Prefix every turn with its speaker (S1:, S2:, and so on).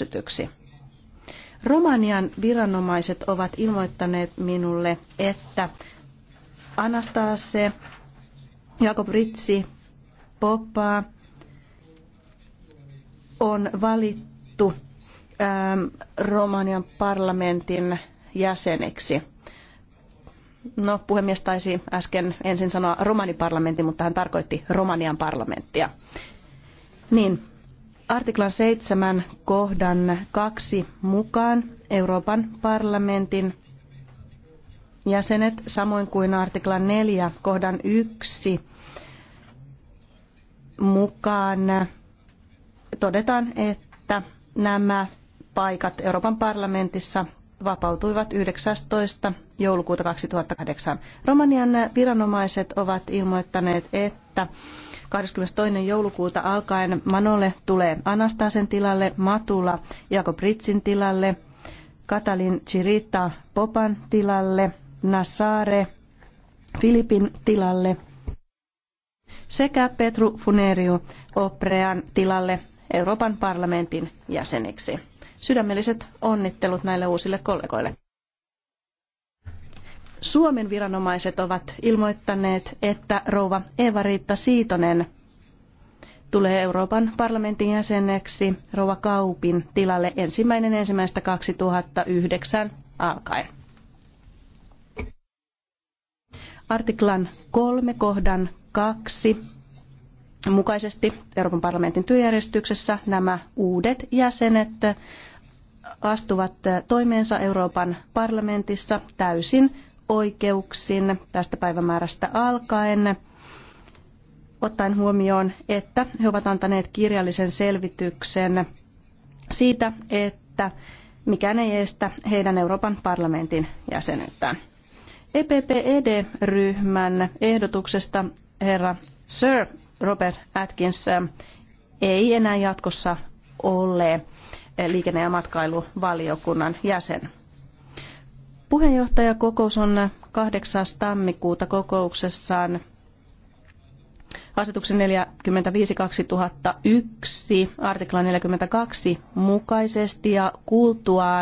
S1: hyväksytyksi. Romanian viranomaiset ovat ilmoittaneet minulle, että Anastase, Jakob Ritsi, Poppa on valittu ähm, Romanian parlamentin jäseneksi. No, puhemies taisi äsken ensin sanoa romaniparlamentti, mutta hän tarkoitti Romanian parlamenttia. Niin, artiklan 7 kohdan 2 mukaan Euroopan parlamentin jäsenet, samoin kuin artiklan 4 kohdan 1 mukaan todetaan, että nämä paikat Euroopan parlamentissa vapautuivat 19. joulukuuta 2008. Romanian viranomaiset ovat ilmoittaneet, että 22. joulukuuta alkaen Manolle tulee Anastasen tilalle, Matula Jakob Ritsin tilalle, Katalin Chirita Popan tilalle, Nasare Filipin tilalle sekä Petru Funerio Oprean tilalle Euroopan parlamentin jäseneksi. Sydämelliset onnittelut näille uusille kollegoille. Suomen viranomaiset ovat ilmoittaneet, että rouva eva riitta Siitonen tulee Euroopan parlamentin jäseneksi rouva Kaupin tilalle ensimmäinen ensimmäistä 2009 alkaen. Artiklan kolme kohdan kaksi mukaisesti Euroopan parlamentin työjärjestyksessä nämä uudet jäsenet astuvat toimeensa Euroopan parlamentissa täysin oikeuksin tästä päivämäärästä alkaen, ottaen huomioon, että he ovat antaneet kirjallisen selvityksen siitä, että mikään ei estä heidän Euroopan parlamentin jäsenyyttään. EPPED-ryhmän ehdotuksesta herra Sir Robert Atkins ei enää jatkossa ole liikenne- ja matkailuvaliokunnan jäsen. Puheenjohtajakokous on 8. tammikuuta kokouksessaan asetuksen 45-2001 artikla 42 mukaisesti ja kuultuaan